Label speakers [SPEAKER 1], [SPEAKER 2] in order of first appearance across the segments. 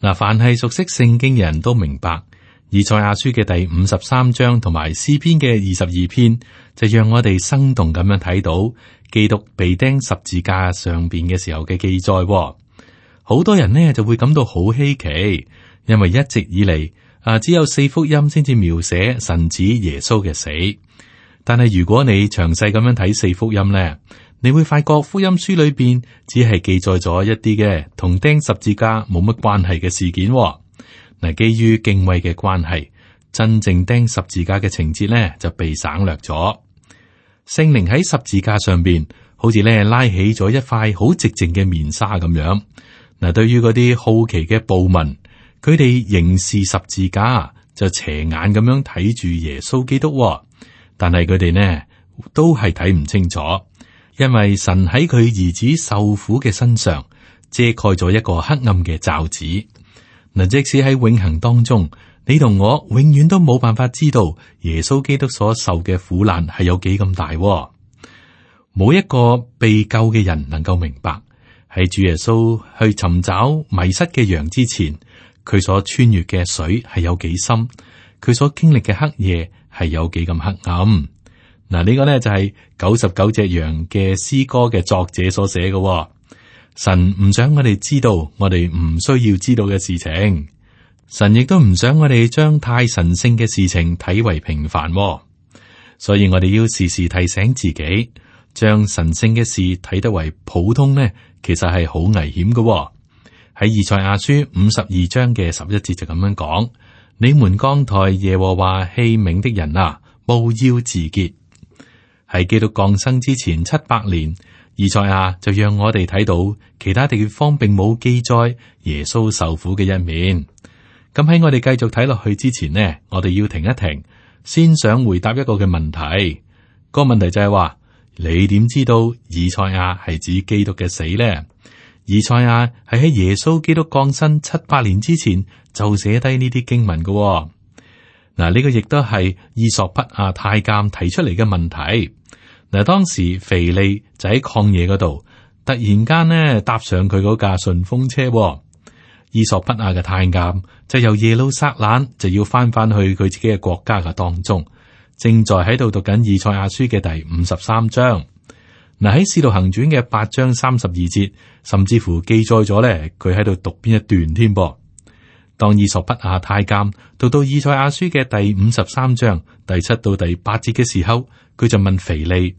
[SPEAKER 1] 嗱，凡係熟悉聖經嘅人都明白，以賽亞書嘅第五十三章同埋詩篇嘅二十二篇，就讓我哋生動咁樣睇到基督被釘十字架上邊嘅時候嘅記載，哦。好多人呢就會感到好稀奇，因為一直以嚟啊只有四福音先至描寫神子耶穌嘅死，但係如果你詳細咁樣睇四福音咧。你會發覺福音書裏邊只係記載咗一啲嘅同釘十字架冇乜關係嘅事件、哦。嗱，基於敬畏嘅關係，真正釘十字架嘅情節咧就被省略咗。聖靈喺十字架上邊好似咧拉起咗一塊好寂靜嘅面紗咁樣嗱。對於嗰啲好奇嘅暴民，佢哋凝視十字架就斜眼咁樣睇住，耶穌基督、哦，但係佢哋呢都係睇唔清楚。因為神喺佢兒子受苦嘅身上遮蓋咗一個黑暗嘅罩子。嗱，即使喺永恒當中，你同我永遠都冇辦法知道耶穌基督所受嘅苦難係有幾咁大哦。冇一個被救嘅人能夠明白，喺主耶穌去尋找迷失嘅羊之前，佢所穿越嘅水係有幾深，佢所經歷嘅黑夜係有幾咁黑暗。嗱，呢個呢就係九十九隻羊嘅詩歌嘅作者所寫嘅、哦。神唔想我哋知道，我哋唔需要知道嘅事情。神亦都唔想我哋將太神聖嘅事情睇為平凡、哦。所以我哋要時時提醒自己，將神聖嘅事睇得為普通呢，其實係好危險嘅、哦。喺《以賽亞書》五十二章嘅十一節就咁樣講：「你們扛抬耶和華器皿的人啊，務要自潔。係基督降生之前七百年，以賽亞就讓我哋睇到其他地方並冇記載耶穌受苦嘅一面。咁喺我哋繼續睇落去之前呢，我哋要停一停，先想回答一個嘅問題。個問題就係話，你點知道以賽亞係指基督嘅死呢？以賽亞係喺耶穌基督降生七百年之前就寫低呢啲經文嘅，哦。嗱，呢個亦都係伊索匹亞太監提出嚟嘅問題。嗱，當時腓利就喺曠野嗰度，突然間呢搭上佢嗰架順風車，哦。伊索匹亞嘅太監就由耶路撒冷就要翻翻去佢自己嘅國家嘅當中，正在喺度讀緊《以賽亞書》嘅第五十三章。嗱喺《使徒行傳》嘅八章三十二節，甚至乎記載咗咧佢喺度讀邊一段添噃。當伊索匹亞太監讀到以賽亞書嘅第五十三章第七到第八節嘅時候，佢就問腓利，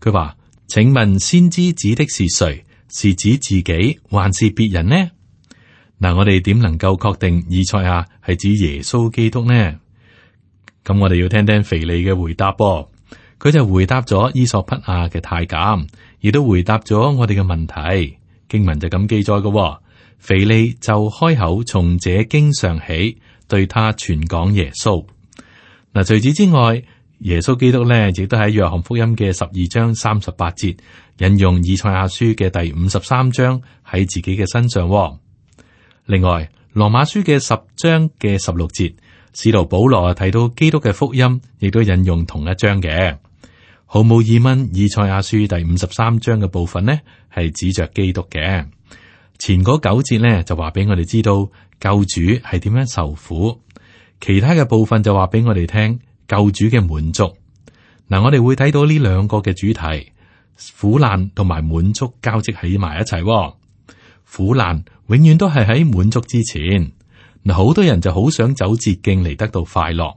[SPEAKER 1] 佢話：請問先知指的是誰？是指自己還是別人呢？嗱，我哋點能夠確定以賽亞係指耶穌基督呢？咁我哋要聽聽腓利嘅回答噃，哦，佢就回答咗伊索匹亞嘅太監，亦都回答咗我哋嘅問題。經文就咁記載嘅，哦。腓利就開口從這經上起，對他傳講耶穌。嗱，除此之外，耶穌基督咧亦都喺約翰福音嘅十二章三十八節引用以賽亞書嘅第五十三章喺自己嘅身上、哦。另外，羅馬書嘅十章嘅十六節，使徒保羅提到基督嘅福音，亦都引用同一章嘅。毫無疑問，以賽亞書第五十三章嘅部分呢，係指着基督嘅。前嗰九節咧就話俾我哋知道救主係點樣受苦，其他嘅部分就話俾我哋聽救主嘅滿足。嗱，我哋會睇到呢兩個嘅主題，苦難同埋滿足交織喺埋一齊。苦難永遠都係喺滿足之前。嗱，好多人就好想走捷徑嚟得到快樂，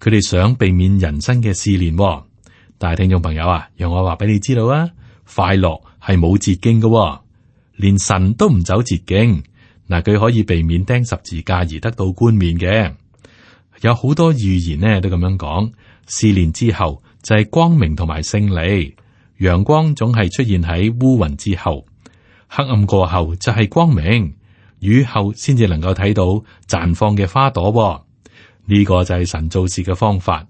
[SPEAKER 1] 佢哋想避免人生嘅試煉。但係聽眾朋友啊，讓我話俾你知道啊，快樂係冇捷徑㗎。連神都唔走捷徑，嗱佢可以避免釘十字架而得到冠冕嘅。有好多預言咧都咁樣講，四年之後就係光明同埋勝利。陽光總係出現喺烏雲之後，黑暗過後就係光明。雨後先至能夠睇到綻放嘅花朵、哦。呢、這個就係神做事嘅方法。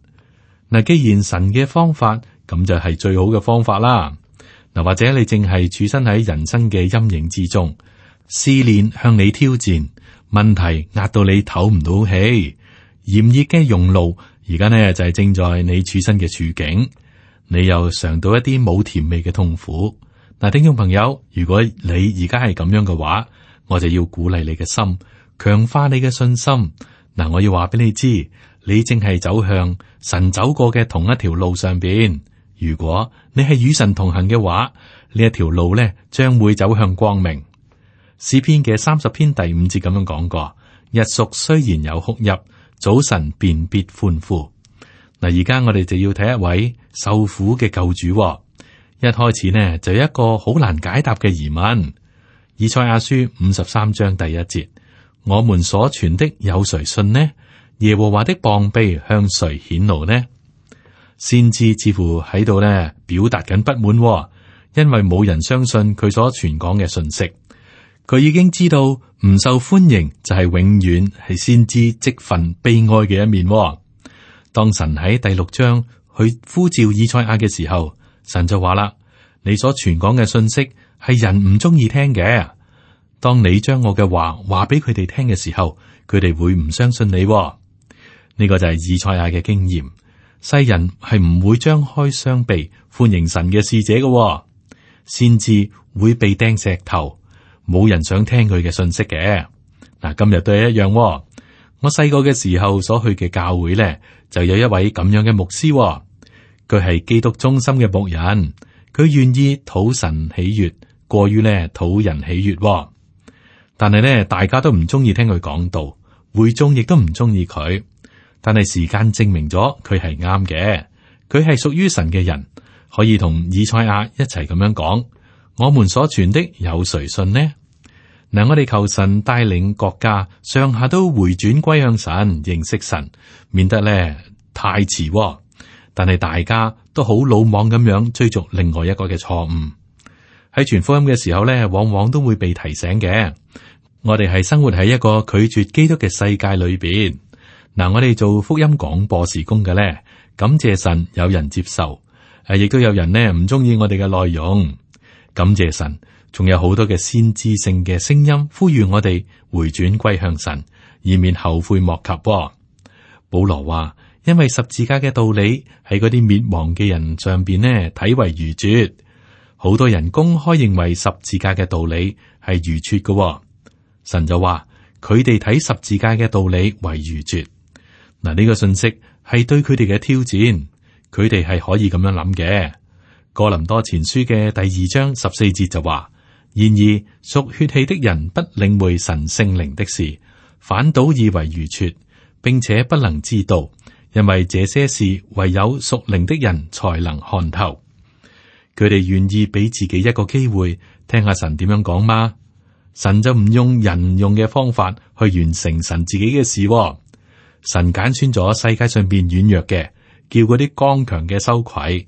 [SPEAKER 1] 嗱，既然神嘅方法咁就係最好嘅方法啦。嗱，或者你正係處身喺人生嘅陰影之中，試煉向你挑戰，問題壓到你唞唔到氣，炎熱嘅熔爐而家呢就係正在你處身嘅處境，你又嘗到一啲冇甜味嘅痛苦。嗱，聽眾朋友，如果你而家係咁樣嘅話，我就要鼓勵你嘅心，強化你嘅信心。嗱，我要話俾你知，你正係走向神走過嘅同一條路上邊。如果你係與神同行嘅話，一條呢一條路咧將會走向光明。詩篇嘅三十篇第五節咁樣講過：一宿雖然有哭泣，早晨便必歡呼。嗱，而家我哋就要睇一位受苦嘅救主，哦。一開始呢，就有一個好難解答嘅疑問。以賽亞書五十三章第一節：我們所傳的有誰信呢？耶和華的膀臂向誰顯露呢？先知似乎喺度咧表達緊不滿，因為冇人相信佢所傳講嘅信息。佢已經知道唔受歡迎就係永遠係先知積憤悲哀嘅一面。當神喺第六章去呼召以賽亞嘅時候，神就話啦，你所傳講嘅信息係人唔中意聽嘅。當你將我嘅話話俾佢哋聽嘅時候，佢哋會唔相信你。呢個就係以賽亞嘅經驗。世人係唔會張開雙臂歡迎神嘅使者嘅、哦，先至會被掟石頭，冇人想聽佢嘅信息嘅。嗱，今日都係一樣、哦。我細個嘅時候所去嘅教會咧，就有一位咁樣嘅牧師、哦，佢係基督中心嘅牧人，佢願意討神喜悦，過於呢討人喜悦、哦。但係咧，大家都唔中意聽佢講道，會眾亦都唔中意佢。但係時間證明咗佢係啱嘅，佢係屬於神嘅人，可以同以賽亞一齊咁樣講，我們所傳的有誰信呢？嗱，我哋求神帶領國家上下都回轉歸向神，認識神，免得咧太遲哦。但係大家都好魯莽咁樣追逐另外一個嘅錯誤。喺傳福音嘅時候咧，往往都會被提醒嘅，我哋係生活喺一個拒絕基督嘅世界裏邊。嗱、嗯，我哋做福音廣播事工嘅咧，感謝神有人接受，誒，亦都有人呢唔中意我哋嘅內容。感謝神，仲有好多嘅先知性嘅聲音呼籲我哋回轉歸向神，以免後悔莫及喎。保羅話：，因為十字架嘅道理喺嗰啲滅亡嘅人上邊呢睇為愚拙。好多人公開認為十字架嘅道理係愚拙嘅。神就話：，佢哋睇十字架嘅道理為愚拙。嗱，呢個信息係對佢哋嘅挑戰，佢哋係可以咁樣諗嘅。哥林多前書嘅第二章十四節就話：「然而屬血氣的人不領會神聖靈的事，反倒以為愚拙，並且不能知道，因為這些事唯有屬靈的人才能看透。佢哋願意俾自己一個機會，聽下神點樣講嗎？神就唔用人用嘅方法去完成神自己嘅事。神揀選咗世界上邊軟弱嘅，叫嗰啲剛強嘅羞愧；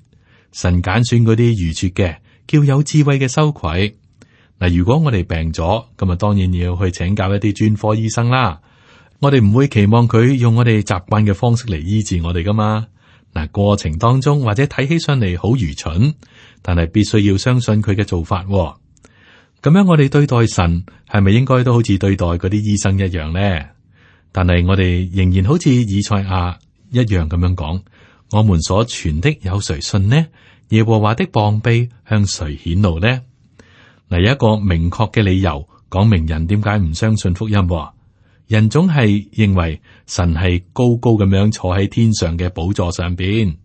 [SPEAKER 1] 神揀選嗰啲愚拙嘅，叫有智慧嘅羞愧。嗱，如果我哋病咗，咁啊，當然要去請教一啲專科醫生啦。我哋唔會期望佢用我哋習慣嘅方式嚟醫治我哋噶嘛。嗱，過程當中或者睇起上嚟好愚蠢，但係必須要相信佢嘅做法喎。咁樣我哋對待神係咪應該都好似對待嗰啲醫生一樣咧？但係我哋仍然好似以賽亞一樣咁樣講，我們所傳的有誰信呢？耶和華的膀臂向誰顯露呢？嗱，有一個明確嘅理由，講明人點解唔相信福音。人總係認為神係高高咁樣坐喺天上嘅寶座上邊。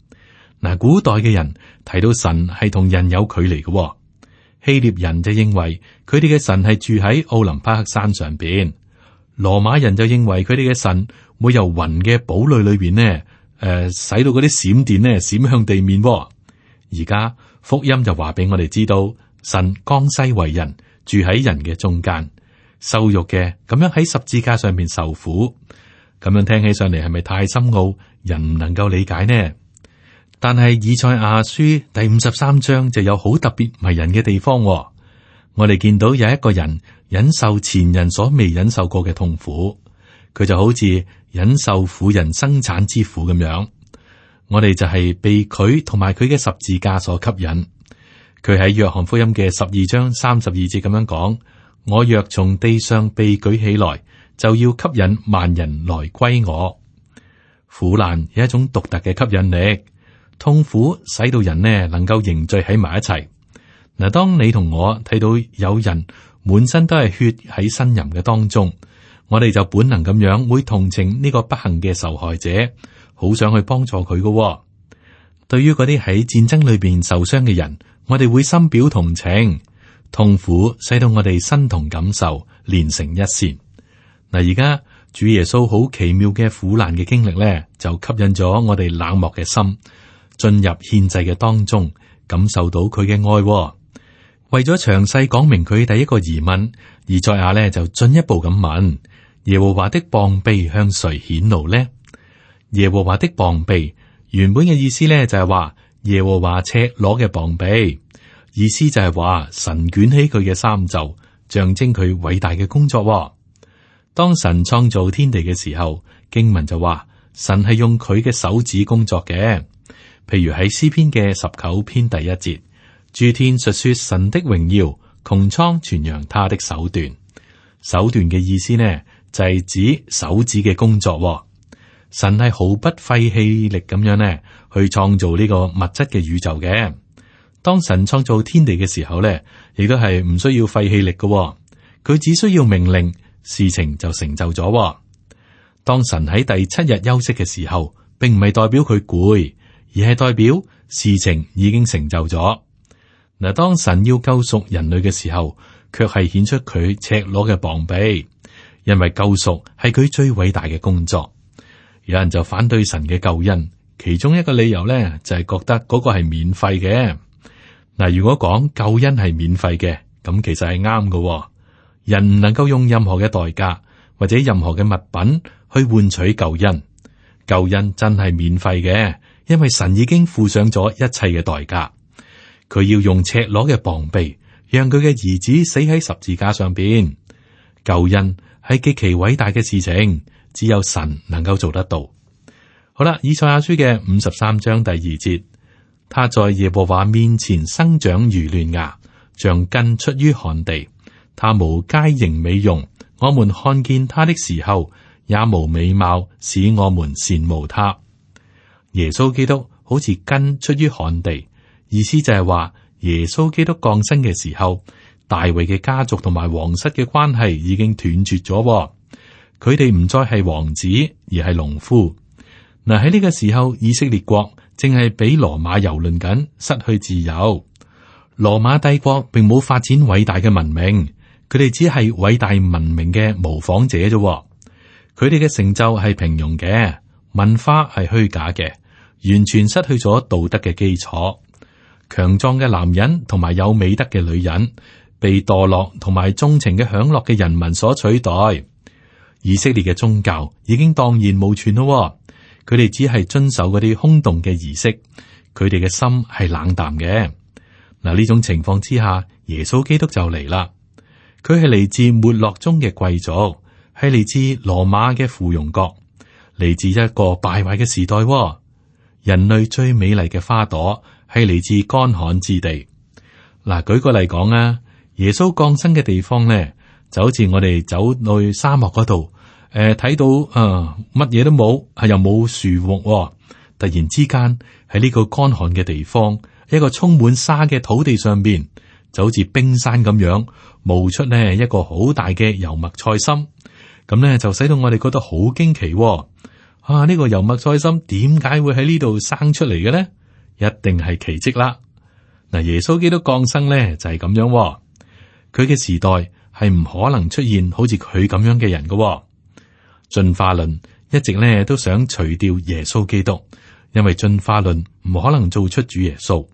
[SPEAKER 1] 嗱，古代嘅人睇到神係同人有距離嘅。哦，希臘人就認為佢哋嘅神係住喺奧林匹克山上邊。羅馬人就認為佢哋嘅神會由雲嘅堡壘裏邊呢，誒、呃，使到嗰啲閃電呢閃向地面。而家福音就話俾我哋知道，神降世為人，住喺人嘅中間，受辱嘅咁樣喺十字架上邊受苦。咁樣聽起上嚟係咪太深奧，人唔能夠理解呢？但係以賽亞書第五十三章就有好特別迷人嘅地方。我哋見到有一個人忍受前人所未忍受過嘅痛苦，佢就好似忍受婦人生產之苦咁樣。我哋就係被佢同埋佢嘅十字架所吸引。佢喺約翰福音嘅十二章三十二節咁樣講：我若從地上被舉起來，就要吸引萬人來歸我。苦難有一種獨特嘅吸引力，痛苦使到人呢能夠凝聚喺埋一齊。嗱，當你同我睇到有人滿身都係血喺呻吟嘅當中，我哋就本能咁樣會同情呢個不幸嘅受害者，好想去幫助佢㗎喎。對於嗰啲喺戰爭裏邊受傷嘅人，我哋會深表同情。痛苦使到我哋身同感受，連成一線。嗱，而家主耶穌好奇妙嘅苦難嘅經歷咧，就吸引咗我哋冷漠嘅心進入獻祭嘅當中，感受到佢嘅愛喎。為咗詳細講明佢第一個疑問，而在下呢就進一步咁問：耶和華的膀臂向誰顯露呢？耶和華的膀臂原本嘅意思呢，就係話耶和華赤裸嘅膀臂，意思就係話神捲起佢嘅衫袖，象徵佢偉大嘅工作。當神創造天地嘅時候，經文就話神係用佢嘅手指工作嘅，譬如喺詩篇嘅十九篇第一節。諸天述說神的榮耀，穹蒼傳揚他的手段。手段嘅意思呢，就係、是、指手指嘅工作、哦。神係毫不費氣力咁樣呢，去創造呢個物質嘅宇宙嘅。當神創造天地嘅時候呢，亦都係唔需要費氣力嘅、哦。佢只需要命令，事情就成就咗。當神喺第七日休息嘅時候，並唔係代表佢攰，而係代表事情已經成就咗。嗱，當神要救贖人類嘅時候，卻係顯出佢赤裸嘅膀臂，因為救贖係佢最偉大嘅工作。有人就反對神嘅救恩，其中一個理由咧就係覺得嗰個係免費嘅。嗱，如果講救恩係免費嘅，咁其實係啱嘅。人唔能夠用任何嘅代價或者任何嘅物品去換取救恩，救恩真係免費嘅，因為神已經付上咗一切嘅代價。佢要用赤裸嘅膀臂，讓佢嘅兒子死喺十字架上邊。救恩係極其偉大嘅事情，只有神能夠做得到。好啦，以賽亞書嘅五十三章第二節，他在耶和華面前生長如嫩芽，像根出於旱地。他無佳形美容，我們看見他的時候也無美貌，使我們羨慕他。耶穌基督好似根出於旱地。意思就係話，耶穌基督降生嘅時候，大衛嘅家族同埋皇室嘅關係已經斷絕咗喎，哦，佢哋唔再係王子而係農夫。嗱，喺呢個時候，以色列國正係俾羅馬蹂躪緊，失去自由。羅馬帝國並冇發展偉大嘅文明，佢哋只係偉大文明嘅模仿者啫。佢哋嘅成就係平庸嘅，文化係虛假嘅，完全失去咗道德嘅基礎。強壯嘅男人同埋有美德嘅女人，被墮落同埋縱情嘅享樂嘅人民所取代。以色列嘅宗教已經蕩然無存咯，佢哋只係遵守嗰啲空洞嘅儀式，佢哋嘅心係冷淡嘅。嗱，呢種情況之下，耶穌基督就嚟啦。佢係嚟自沒落中嘅貴族，係嚟自羅馬嘅附庸國，嚟自一個敗壞嘅時代。人類最美麗嘅花朵。係嚟自乾旱之地，嗱、啊，舉個例講啊，耶穌降生嘅地方咧，就好似我哋走去沙漠嗰度，誒、呃，睇到啊，乜、呃、嘢都冇，係又冇樹木、哦，突然之間喺呢個乾旱嘅地方，一個充滿沙嘅土地上邊，就好似冰山咁樣冒出呢一個好大嘅油麥菜心，咁咧就使到我哋覺得好驚奇、哦，啊，呢、這個油麥菜心點解會喺呢度生出嚟嘅咧？一定係奇蹟啦。嗱，耶穌基督降生咧就係、是、咁樣、哦，佢嘅時代係唔可能出現好似佢咁樣嘅人噶、哦。進化論一直咧都想除掉耶穌基督，因為進化論唔可能做出主耶穌。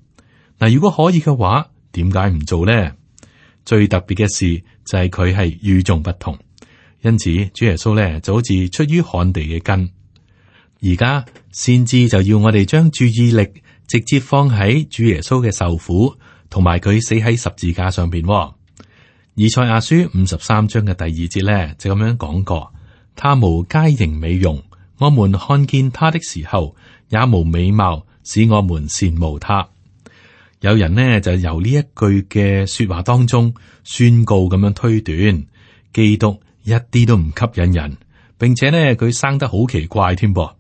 [SPEAKER 1] 嗱，如果可以嘅話，點解唔做咧？最特別嘅事就係佢係與眾不同，因此主耶穌咧就好似出於旱地嘅根。而家先至就要我哋將注意力。直接放喺主耶穌嘅受苦同埋佢死喺十字架上邊。以賽亞書五十三章嘅第二節咧，就咁樣講過：他無佳形美容，我們看見他的時候，也無美貌，使我們羨慕他。有人呢，就由呢一句嘅說話當中宣告咁樣推斷，基督一啲都唔吸引人，並且呢，佢生得好奇怪添。噃、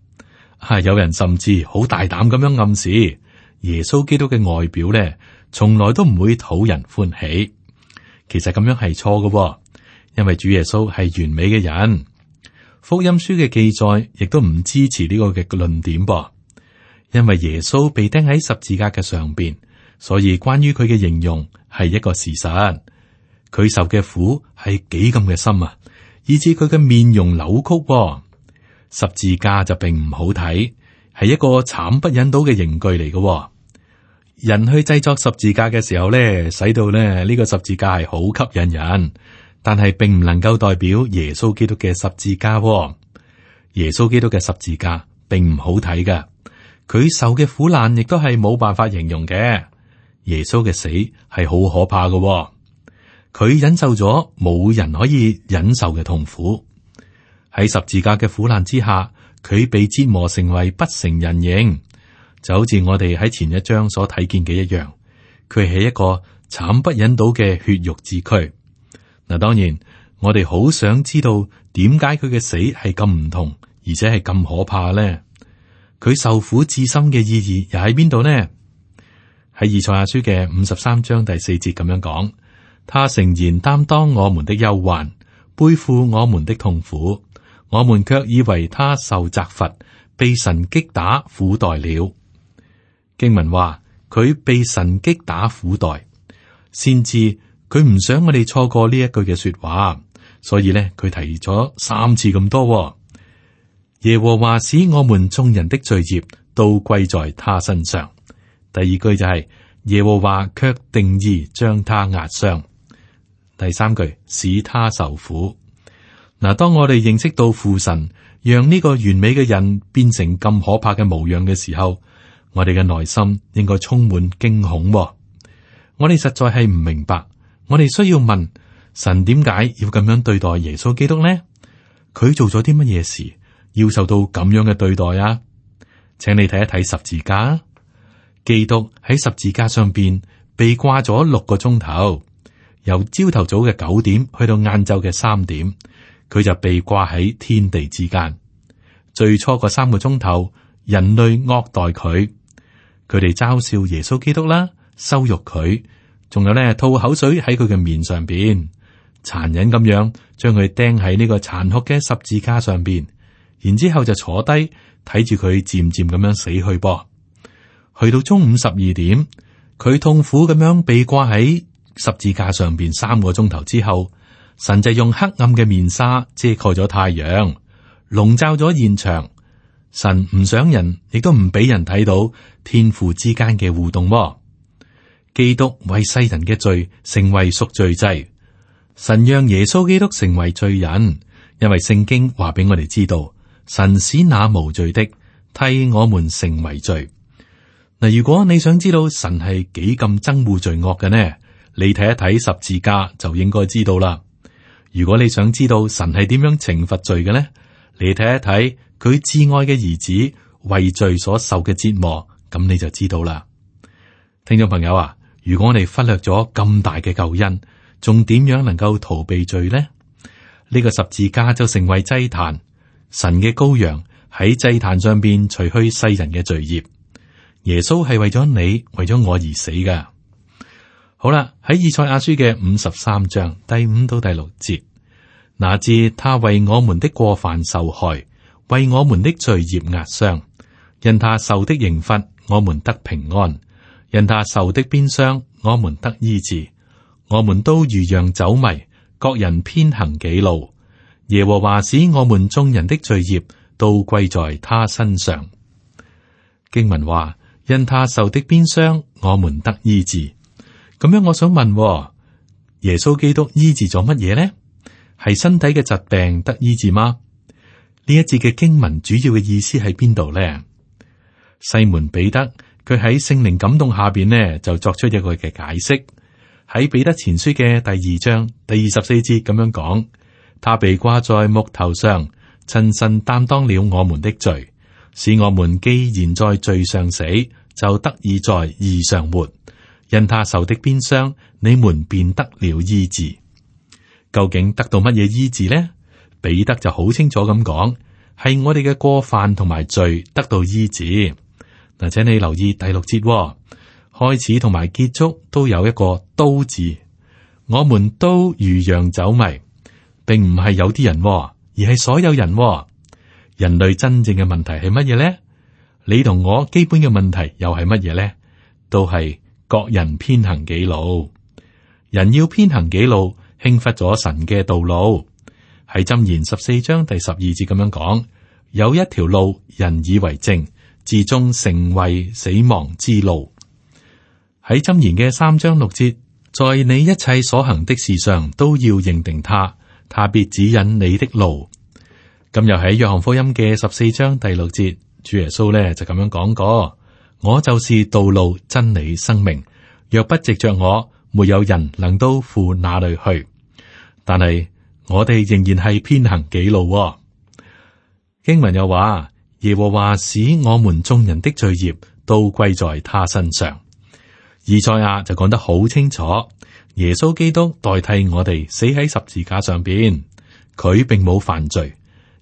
[SPEAKER 1] 啊，有人甚至好大膽咁樣暗示。耶穌基督嘅外表咧，從來都唔會討人歡喜。其實咁樣係錯嘅、哦，因為主耶穌係完美嘅人。福音書嘅記載亦都唔支持呢個嘅論點噃、哦。因為耶穌被釘喺十字架嘅上邊，所以關於佢嘅形容係一個事實。佢受嘅苦係幾咁嘅深啊，以致佢嘅面容扭曲、哦。噃，十字架就並唔好睇。係一個慘不忍睹嘅刑具嚟嘅，哦，人去製作十字架嘅時候咧，使到咧呢個十字架係好吸引人，但係並唔能夠代表耶穌基督嘅十字架，哦。耶穌基督嘅十字架並唔好睇嘅，佢受嘅苦難亦都係冇辦法形容嘅。耶穌嘅死係好可怕嘅，哦，佢忍受咗冇人可以忍受嘅痛苦，喺十字架嘅苦難之下。佢被折磨成為不成人形，就好似我哋喺前一章所睇見嘅一樣。佢係一個慘不忍睹嘅血肉之軀。嗱，當然我哋好想知道點解佢嘅死係咁唔同，而且係咁可怕呢？佢受苦至深嘅意義又喺邊度呢？喺以賽亞書嘅五十三章第四節咁樣講：他誠然擔當我們的憂患，背負我們的痛苦。我們卻以為他受責罰，被神擊打苦待了。經文話佢被神擊打苦待，先知佢唔想我哋錯過呢一句嘅說話，所以呢，佢提咗三次咁多。耶和華使我們眾人的罪孽都歸在他身上。第二句就係、是、耶和華卻定意將他壓傷。第三句使他受苦。嗱，當我哋認識到父神讓呢個完美嘅人變成咁可怕嘅模樣嘅時候，我哋嘅內心應該充滿驚恐哦。我哋實在係唔明白，我哋需要問神點解要咁樣對待耶穌基督呢？佢做咗啲乜嘢事，要受到咁樣嘅對待啊？請你睇一睇十字架啊，基督喺十字架上面被掛咗六個鐘頭，由朝頭早嘅九點去到晏晝嘅三點。佢就被掛喺天地之間。最初個三個鐘頭，人類惡待佢，佢哋嘲笑耶穌基督啦，羞辱佢，仲有咧吐口水喺佢嘅面上邊，殘忍咁樣將佢釘喺呢個殘酷嘅十字架上邊。然之後就坐低睇住佢漸漸咁樣死去噃。去到中午十二點，佢痛苦咁樣被掛喺十字架上邊三個鐘頭之後。神就用黑暗嘅面紗遮蓋咗太陽，籠罩咗現場。神唔想人，亦都唔俾人睇到天父之間嘅互動。噃，基督為世人嘅罪成為贖罪祭。神讓耶穌基督成為罪人，因為聖經話俾我哋知道，神使那無罪的替我們成為罪。嗱，如果你想知道神係幾咁憎惡罪惡嘅呢？你睇一睇十字架就應該知道啦。如果你想知道神係點樣懲罰罪嘅咧？你睇一睇佢至愛嘅兒子為罪所受嘅折磨，咁你就知道啦。聽眾朋友啊，如果我哋忽略咗咁大嘅救恩，仲點樣能夠逃避罪咧？呢、呢個十字架就成為祭壇，神嘅羔羊喺祭壇上邊除去世人嘅罪孽，耶穌係為咗你，為咗我而死噶。好啦，喺以賽亞書嘅五十三章第五到第六節，哪知他為我們的過犯受害，為我們的罪孽壓傷。因他受的刑罰，我們得平安；因他受的鞭傷，我們得醫治。我們都如羊走迷，各人偏行己路。耶和華使我們眾人的罪孽都歸在他身上。經文話：因他受的鞭傷，我們得醫治。咁樣，我想問：耶穌基督醫治咗乜嘢呢？係身體嘅疾病得醫治嗎？呢一節嘅經文主要嘅意思喺邊度呢？西門彼得佢喺聖靈感動下邊呢，就作出一個嘅解釋。喺彼得前書嘅第二章第二十四節咁樣講：他被掛在木頭上，親身擔當了我們的罪，使我們既然在罪上死，就得以在義上活。因他受的鞭傷，你們便得了醫治。究竟得到乜嘢醫治呢？彼得就好清楚咁講，係我哋嘅過犯同埋罪得到醫治。嗱，請你留意第六節、哦，開始同埋結束都有一個都字。我們都如羊走迷，並唔係有啲人、哦，而係所有人、哦。人類真正嘅問題係乜嘢呢？你同我基本嘅問題又係乜嘢呢？都係。各人偏行己路，人要偏行己路，輕忽咗神嘅道路。喺《箴言》十四章第十二節咁樣講：有一條路，人以為正，至終成為死亡之路。喺《箴言》嘅三章六節，在你一切所行的事上都要認定他，他必指引你的路。今日喺約翰福音嘅十四章第六節，主耶穌咧就咁樣講過。我就是道路、真理、生命。若不藉着我，沒有人能到父那裏去。但係我哋仍然係偏行己路、哦。經文又話：耶和華使我們眾人的罪孽都歸在他身上。以賽亞就講得好清楚，耶穌基督代替我哋死喺十字架上邊，佢並冇犯罪。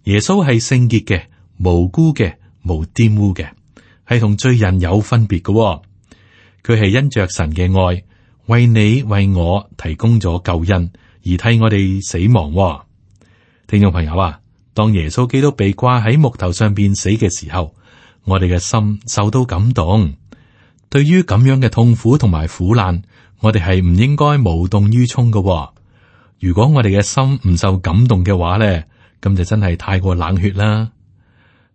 [SPEAKER 1] 耶穌係聖潔嘅、無辜嘅、無玷污嘅。係同罪人有分別㗎喎，佢係因着神嘅愛，為你為我提供咗救恩，而替我哋死亡喎。聽眾朋友啊，當耶穌基督被掛喺木頭上邊死嘅時候，我哋嘅心受到感動。對於咁樣嘅痛苦同埋苦難，我哋係唔應該無動於衷㗎喎。如果我哋嘅心唔受感動嘅話咧，咁就真係太過冷血啦。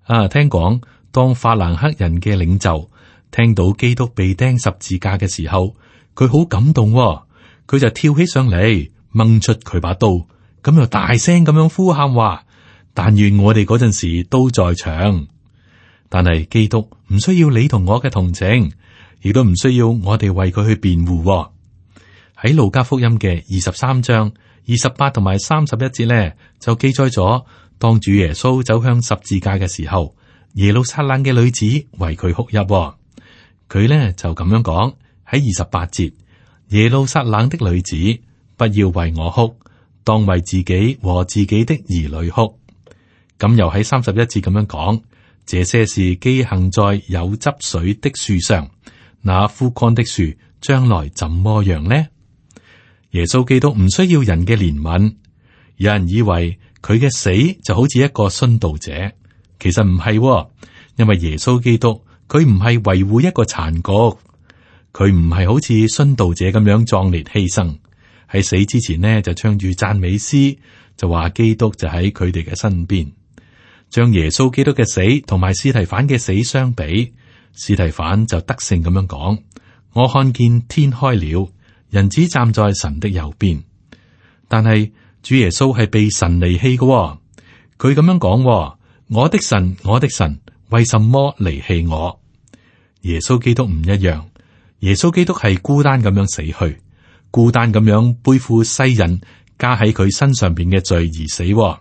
[SPEAKER 1] 啊，聽講。當法蘭克人嘅領袖聽到基督被釘十字架嘅時候，佢好感動喎，佢就跳起上嚟掹出佢把刀，咁又大聲咁樣呼喊話：但願我哋嗰陣時都在場。但係基督唔需要你同我嘅同情，亦都唔需要我哋為佢去辯護喎。喺路加福音嘅二十三章二十八同埋三十一節呢，就記載咗當主耶穌走向十字架嘅時候。耶路撒冷嘅女子為佢哭泣，哦，佢呢就咁樣講喺二十八節：耶路撒冷的女子，不要為我哭，當為自己和自己的兒女哭。咁又喺三十一節咁樣講：這些事既行在有汁水的樹上，那枯乾的樹將來怎麼樣呢？耶穌基督唔需要人嘅憐憫，有人以為佢嘅死就好似一個殉道者。其實唔係喎，因為耶穌基督佢唔係維護一個殘局，佢唔係好似殉道者咁樣壯烈犧牲，喺死之前呢，就唱住讚美詩就話基督就喺佢哋嘅身邊。將耶穌基督嘅死同埋司提反嘅死相比，司提反就得勝咁樣講：我看見天開了，人子站在神的右邊。但係主耶穌係被神離棄嘅喎，佢咁樣講喎。我的神，我的神，為什麼離棄我？耶穌基督唔一樣，耶穌基督係孤單咁樣死去，孤單咁樣背負世人加喺佢身上邊嘅罪而死哦。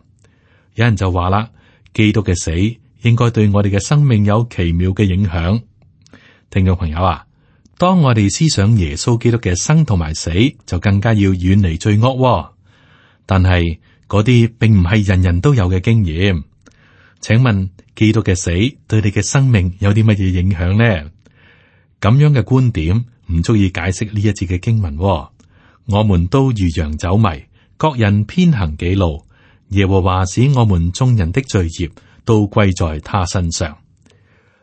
[SPEAKER 1] 有人就話啦，基督嘅死應該對我哋嘅生命有奇妙嘅影響。聽眾朋友啊，當我哋思想耶穌基督嘅生同埋死，就更加要遠離罪惡哦。但係嗰啲並唔係人人都有嘅經驗。請問基督嘅死對你嘅生命有啲乜嘢影響呢？咁樣嘅觀點唔足以解釋呢一節嘅經文哦。我們都如羊走迷，各人偏行己路。耶和華使我們眾人的罪孽都歸在他身上。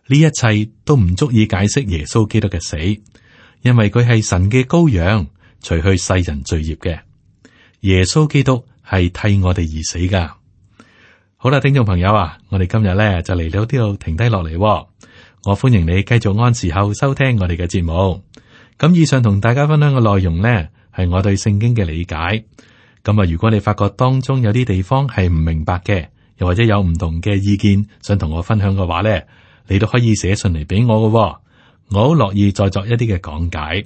[SPEAKER 1] 呢一切都唔足以解釋耶穌基督嘅死，因為佢係神嘅羔羊，除去世人罪孽嘅。耶穌基督係替我哋而死㗎。好啦，聽眾朋友啊，我哋今日咧就嚟到呢度停低落嚟。我歡迎你繼續按時候收聽我哋嘅節目。咁以上同大家分享嘅內容咧，係我對聖經嘅理解。咁啊，如果你發覺當中有啲地方係唔明白嘅，又或者有唔同嘅意見想同我分享嘅話咧，你都可以寫信嚟俾我嘅喎。我好樂意再作一啲嘅講解。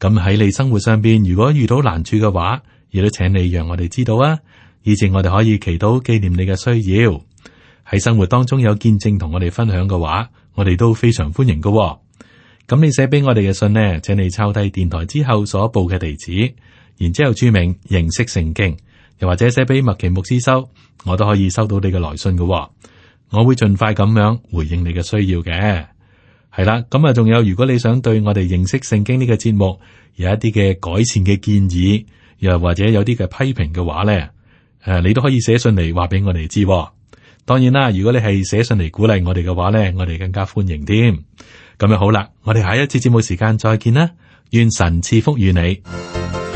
[SPEAKER 1] 咁喺你生活上邊，如果遇到難處嘅話，亦都請你讓我哋知道啊。以前我哋可以祈禱紀念你嘅需要。喺生活當中有見證同我哋分享嘅話，我哋都非常歡迎㗎喎。咁你寫俾我哋嘅信呢，請你抄低電台之後所報嘅地址，然之後注明認識聖經，又或者寫俾麥奇牧師收，我都可以收到你嘅來信㗎喎。我會盡快咁樣回應你嘅需要嘅。係啦，咁啊，仲有如果你想對我哋認識聖經呢個節目有一啲嘅改善嘅建議，又或者有啲嘅批評嘅話呢。誒、啊，你都可以寫信嚟，話俾我哋知。當然啦，如果你係寫信嚟鼓勵我哋嘅話呢，我哋更加歡迎添。咁樣好啦，我哋下一次節目時間再見啦。願神賜福與你。